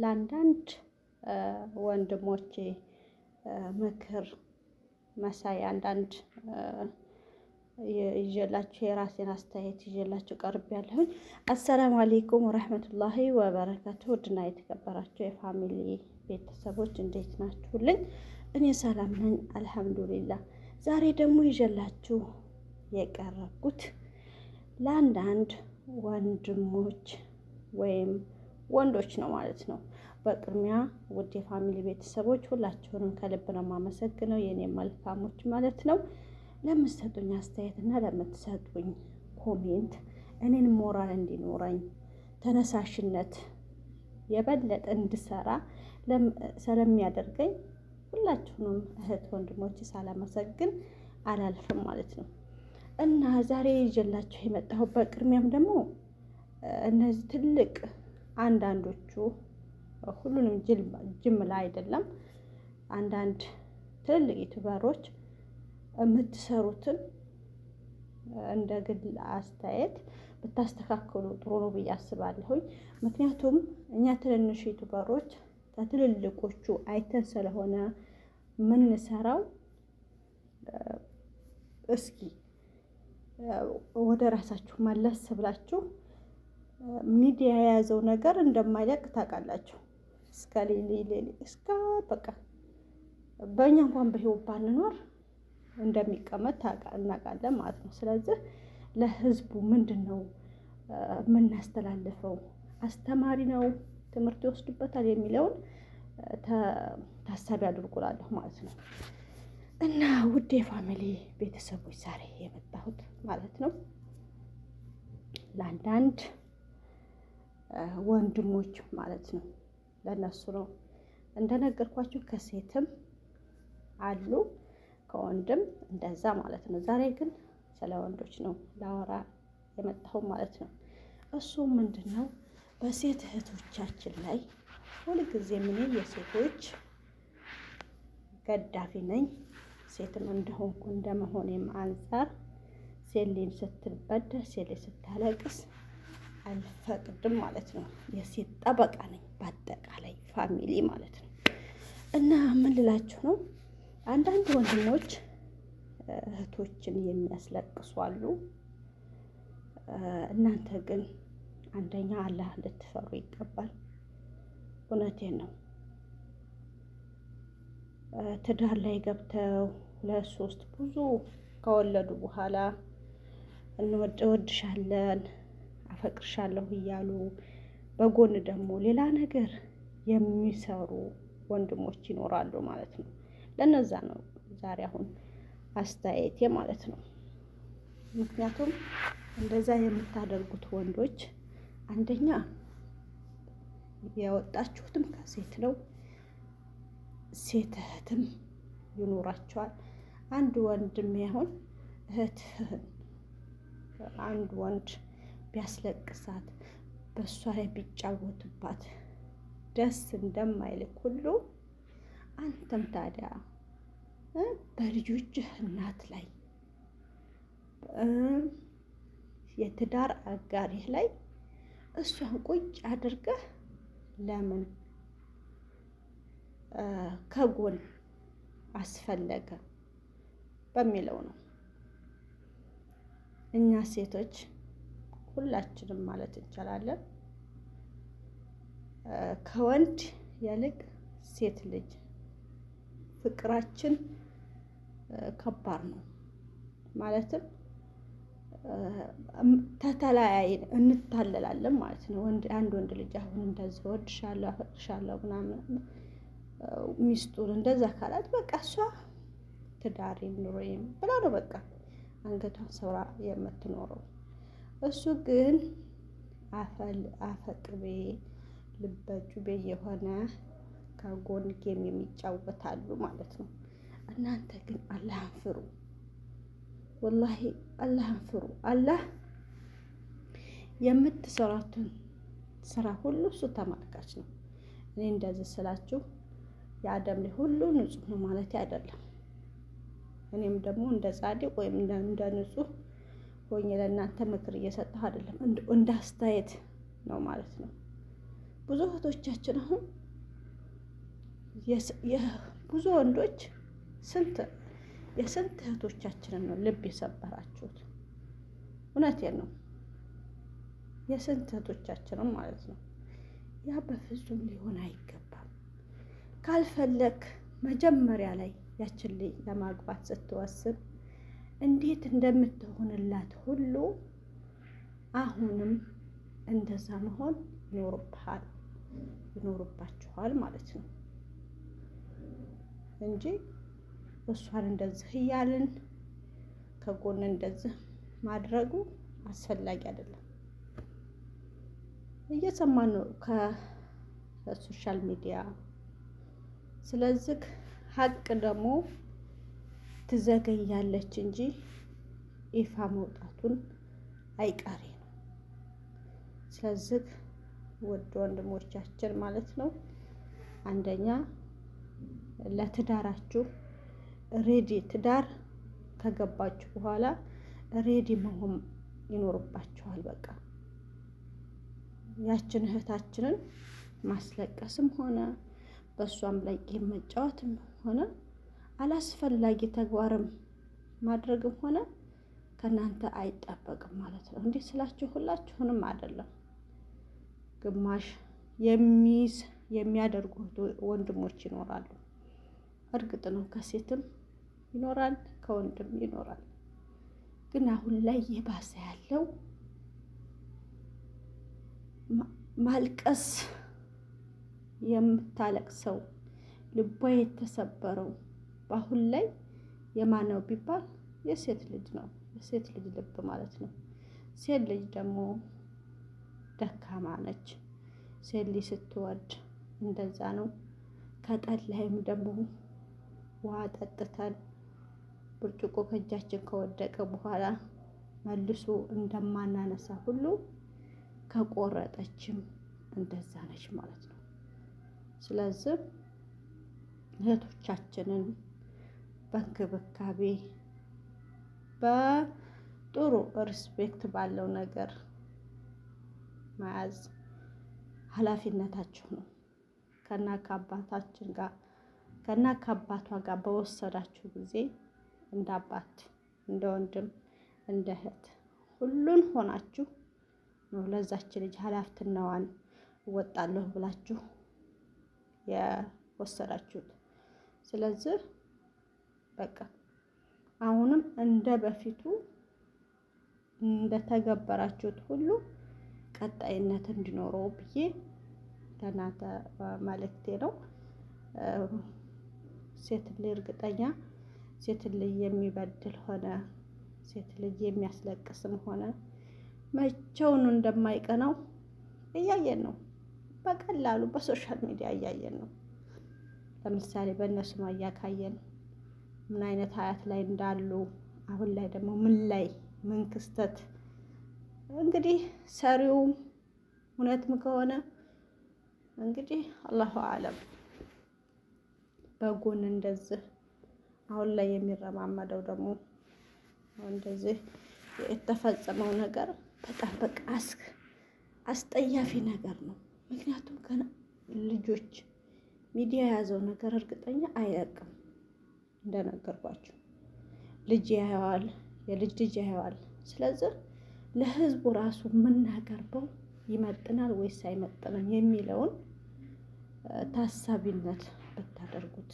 ለአንዳንድ ወንድሞቼ ምክር መሳይ አንዳንድ ይዤላችሁ የራሴን አስተያየት ይዤላችሁ ያለሁኝ። አሰላሙ አሌይኩም ወረህመቱላሂ ወበረካቱ። ውድና የተከበራችሁ የፋሚሊ ቤተሰቦች እንዴት ናችሁልኝ? እኔ ሰላም ነኝ አልሐምዱሊላ። ዛሬ ደግሞ ይዤላችሁ የቀረብኩት ለአንዳንድ ወንድሞች ወይም ወንዶች ነው ማለት ነው። በቅድሚያ ውድ የፋሚሊ ቤተሰቦች ሁላችሁንም ከልብ ነው የማመሰግነው የእኔ መልካሞች ማለት ነው። ለምትሰጡኝ አስተያየትና ለምትሰጡኝ ኮሜንት እኔን ሞራል እንዲኖረኝ ተነሳሽነት የበለጠ እንድሰራ ስለሚያደርገኝ ሁላችሁንም እህት ወንድሞች ሳላመሰግን አላልፍም ማለት ነው እና ዛሬ ይዤላችሁ የመጣሁበት በቅድሚያም ደግሞ እነዚህ ትልቅ አንዳንዶቹ ሁሉንም ጅምላ አይደለም፣ አንዳንድ ትልልቅ ዩቱበሮች የምትሰሩትን እንደ ግል አስተያየት ብታስተካክሉ ጥሩ ነው ብዬ አስባለሁኝ። ምክንያቱም እኛ ትንንሽ ዩቱበሮች ከትልልቆቹ አይተን ስለሆነ የምንሰራው እስኪ ወደ ራሳችሁ መለስ ብላችሁ ሚዲያ የያዘው ነገር እንደማይለቅ ታውቃላችሁ። እስከ ሌሌ እስከ በቃ በእኛ እንኳን በህይወት ባንኖር እንደሚቀመጥ እናውቃለን ማለት ነው። ስለዚህ ለህዝቡ ምንድን ነው የምናስተላልፈው? አስተማሪ ነው ትምህርት ይወስዱበታል የሚለውን ታሳቢ አድርጉላለሁ ማለት ነው። እና ውድ የፋሚሊ ቤተሰቦች ዛሬ የመጣሁት ማለት ነው ለአንዳንድ ወንድሞች ማለት ነው። ለነሱ ነው እንደነገርኳችሁ ከሴትም አሉ ከወንድም እንደዛ ማለት ነው። ዛሬ ግን ስለ ወንዶች ነው ላወራ የመጣሁም ማለት ነው። እሱ ምንድን ነው በሴት እህቶቻችን ላይ ሁልጊዜ ምን የሴቶች ገዳፊ ነኝ ሴትም እንደሆንኩ እንደመሆኔም አንጻር ሴሌን ስትበደር ሴሌ ስታለቅስ አልፈቅድም ማለት ነው። የሴት ጠበቃ ነኝ በአጠቃላይ ፋሚሊ ማለት ነው። እና ምን ልላችሁ ነው፣ አንዳንድ ወንድሞች እህቶችን የሚያስለቅሱ አሉ። እናንተ ግን አንደኛ አላህ ልትፈሩ ይገባል። እውነቴን ነው። ትዳር ላይ ገብተው ሁለት ሶስት ብዙ ከወለዱ በኋላ እንወድ አፈቅርሻለሁ እያሉ በጎን ደግሞ ሌላ ነገር የሚሰሩ ወንድሞች ይኖራሉ ማለት ነው። ለነዛ ነው ዛሬ አሁን አስተያየቴ ማለት ነው። ምክንያቱም እንደዛ የምታደርጉት ወንዶች አንደኛ ያወጣችሁትም ከሴት ነው፣ ሴት እህትም ይኖራቸዋል። አንድ ወንድም ያሆን እህት አንድ ወንድ ቢያስለቅሳት በእሷ ላይ ቢጫወትባት ደስ እንደማይልክ ሁሉ አንተም ታዲያ በልጆችህ እናት ላይ የትዳር አጋሪህ ላይ እሷን ቁጭ አድርገህ ለምን ከጎን አስፈለገ በሚለው ነው እኛ ሴቶች ሁላችንም ማለት እንችላለን ከወንድ ይልቅ ሴት ልጅ ፍቅራችን ከባድ ነው። ማለትም ተተለያየን እንታለላለን ማለት ነው። ወንድ አንድ ወንድ ልጅ አሁን እንደዚህ እወድሻለሁ፣ አፈቅርሻለሁ ምናምን ሚስቱን እንደዛ ካላት በቃ እሷ ትዳሬም ኑሮዬም ብላ ነው በቃ አንገቷን ሰብራ የምትኖረው። እሱ ግን አፈቅቤ ልበጩቤ የሆነ ከጎን ጌም የሚጫወታሉ ማለት ነው። እናንተ ግን አላህን ፍሩ፣ ወላሂ አላህን ፍሩ። አላህ የምትሰራቱን ስራ ሁሉ እሱ ተመልካች ነው። እኔ እንደዚህ ስላችሁ የአደም ላይ ሁሉ ንጹህ ነው ማለት አይደለም። እኔም ደግሞ እንደ ጻድቅ ወይም እንደ ንጹህ ሆኜ ለእናንተ ምክር እየሰጠሁ አይደለም፣ እንደ አስተያየት ነው ማለት ነው። ብዙ እህቶቻችን አሁን ብዙ ወንዶች ስንት የስንት እህቶቻችንን ነው ልብ የሰበራችሁት? እውነቴን ነው። የስንት እህቶቻችንን ማለት ነው። ያ በፍጹም ሊሆን አይገባም። ካልፈለክ መጀመሪያ ላይ ያችን ልጅ ለማግባት ስትወስን እንዴት እንደምትሆንላት ሁሉ አሁንም እንደዛ መሆን ይኖርብሃል ይኖርባችኋል ማለት ነው እንጂ እሷን እንደዚህ እያልን ከጎን እንደዚህ ማድረጉ አስፈላጊ አይደለም። እየሰማ ነው ከሶሻል ሚዲያ። ስለዚህ ሀቅ ደግሞ ትዘገያለች እንጂ ይፋ መውጣቱን አይቀሬ ነው። ስለዚህ ውድ ወንድሞቻችን ማለት ነው አንደኛ ለትዳራችሁ ሬዲ ትዳር ከገባችሁ በኋላ ሬዲ መሆን ይኖርባችኋል። በቃ ያችን እህታችንን ማስለቀስም ሆነ በእሷም ላይ መጫወትም ሆነ አላስፈላጊ ተግባርም ማድረግም ሆነ ከእናንተ አይጠበቅም ማለት ነው። እንዲህ ስላችሁ ሁላችሁንም አይደለም። ግማሽ የሚይዝ የሚያደርጉ ወንድሞች ይኖራሉ። እርግጥ ነው ከሴትም ይኖራል ከወንድም ይኖራል። ግን አሁን ላይ የባሰ ያለው ማልቀስ የምታለቅሰው ልቧ የተሰበረው በአሁን ላይ የማን ነው ቢባል የሴት ልጅ ነው። የሴት ልጅ ልብ ማለት ነው። ሴት ልጅ ደግሞ ደካማ ነች። ሴት ልጅ ስትወድ እንደዛ ነው። ከጠላይም ደግሞ ውሃ ጠጥተን ብርጭቆ ከእጃችን ከወደቀ በኋላ መልሶ እንደማናነሳ ሁሉ ከቆረጠችም እንደዛ ነች ማለት ነው። ስለዚህ እህቶቻችንን በእንክብካቤ በጥሩ ሪስፔክት ባለው ነገር መያዝ ኃላፊነታችሁ ነው። ከና ከአባታችን ጋር ከና ከአባቷ ጋር በወሰዳችሁ ጊዜ እንደ አባት፣ እንደ ወንድም፣ እንደ እህት ሁሉን ሆናችሁ ነው ለዛች ልጅ ኃላፊነዋን እወጣለሁ ብላችሁ የወሰዳችሁት። ስለዚህ በቃ አሁንም እንደ በፊቱ እንደተገበራችሁት ሁሉ ቀጣይነት እንዲኖረው ብዬ ለእናንተ መልእክቴ ነው። ሴት ልጅ እርግጠኛ ሴት ልጅ የሚበድል ሆነ ሴት ልጅ የሚያስለቅስም ሆነ መቼውን እንደማይቀናው እያየን ነው። በቀላሉ በሶሻል ሚዲያ እያየን ነው። ለምሳሌ በእነሱ ማያ ካየን ምን አይነት ሀያት ላይ እንዳሉ አሁን ላይ ደግሞ ምን ላይ ምን ክስተት እንግዲህ ሰሪውም እውነትም ከሆነ እንግዲህ አላሁ አለም በጎን እንደዚህ አሁን ላይ የሚረማመደው ደግሞ እንደዚህ የተፈጸመው ነገር በጣም በቃ አስጠያፊ ነገር ነው። ምክንያቱም ገና ልጆች ሚዲያ የያዘው ነገር እርግጠኛ አይለቅም። እንደነገርኳችሁ ልጅ ያየዋል፣ የልጅ ልጅ ያየዋል። ስለዚህ ለህዝቡ ራሱ የምናቀርበው ይመጥናል ወይስ አይመጥንም የሚለውን ታሳቢነት ብታደርጉት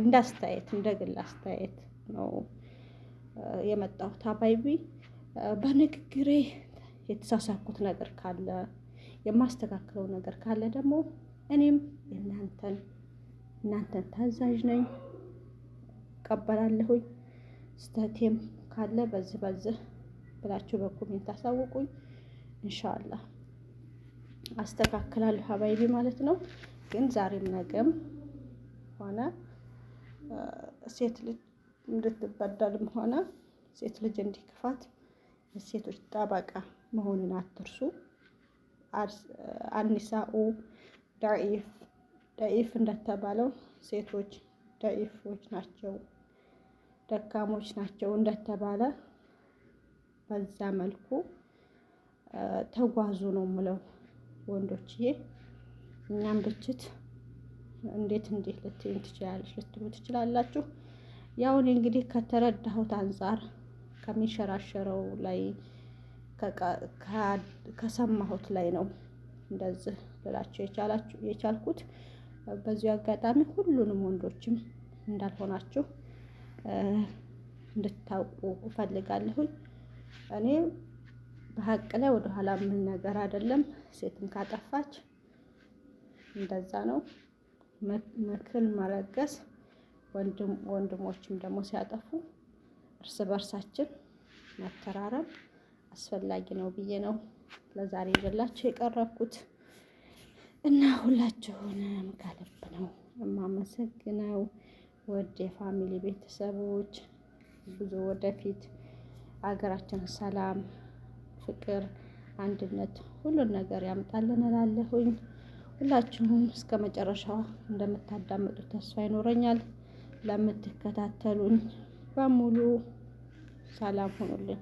እንደ አስተያየት እንደ ግል አስተያየት ነው የመጣሁት። ታባይቢ በንግግሬ የተሳሳኩት ነገር ካለ የማስተካክለው ነገር ካለ ደግሞ እኔም እናንተን እናንተን ታዛዥ ነኝ እቀበላለሁኝ። ስተቴም ካለ በዚህ በዚህ ብላችሁ በኮሜንት አሳውቁኝ። እንሻላ አስተካክላለሁ ሀባይቢ ማለት ነው። ግን ዛሬም ነገም ሆነ ሴት ልጅ እንድትበደልም ሆነ ሴት ልጅ እንዲክፋት ሴቶች ጠበቃ መሆኑን አትርሱ። አኒሳኡ ደኢፍ ደኢፍ እንደተባለው ሴቶች ደኢፎች ናቸው። ደካሞች ናቸው እንደተባለ በዛ መልኩ ተጓዙ ነው ምለው ወንዶችዬ። እኛም ብችት እንዴት እንዴት ልትይኝ ትችላለች ልትሉ ትችላላችሁ። ያውን እንግዲህ ከተረዳሁት አንጻር ከሚሸራሸረው ላይ ከሰማሁት ላይ ነው እንደዚህ ልላቸው የቻልኩት። በዚሁ አጋጣሚ ሁሉንም ወንዶችም እንዳልሆናችሁ እንድታውቁ እፈልጋለሁኝ። እኔ በሀቅ ላይ ወደኋላ ምን ነገር አይደለም። ሴትም ካጠፋች እንደዛ ነው። ምክርን መለገስ ወንድሞችም ደግሞ ሲያጠፉ እርስ በርሳችን መተራረም አስፈላጊ ነው ብዬ ነው ለዛሬ ይዤላችሁ የቀረብኩት እና ሁላችሁንም ከልብ ነው የማመሰግነው። ወደ የፋሚሊ ቤተሰቦች ብዙ ወደፊት አገራችን ሰላም፣ ፍቅር፣ አንድነት ሁሉን ነገር ያምጣልን እላለሁኝ። ሁላችሁም እስከ መጨረሻው እንደምታዳምጡ ተስፋ ይኖረኛል። ለምትከታተሉኝ በሙሉ ሰላም ሁኑልኝ።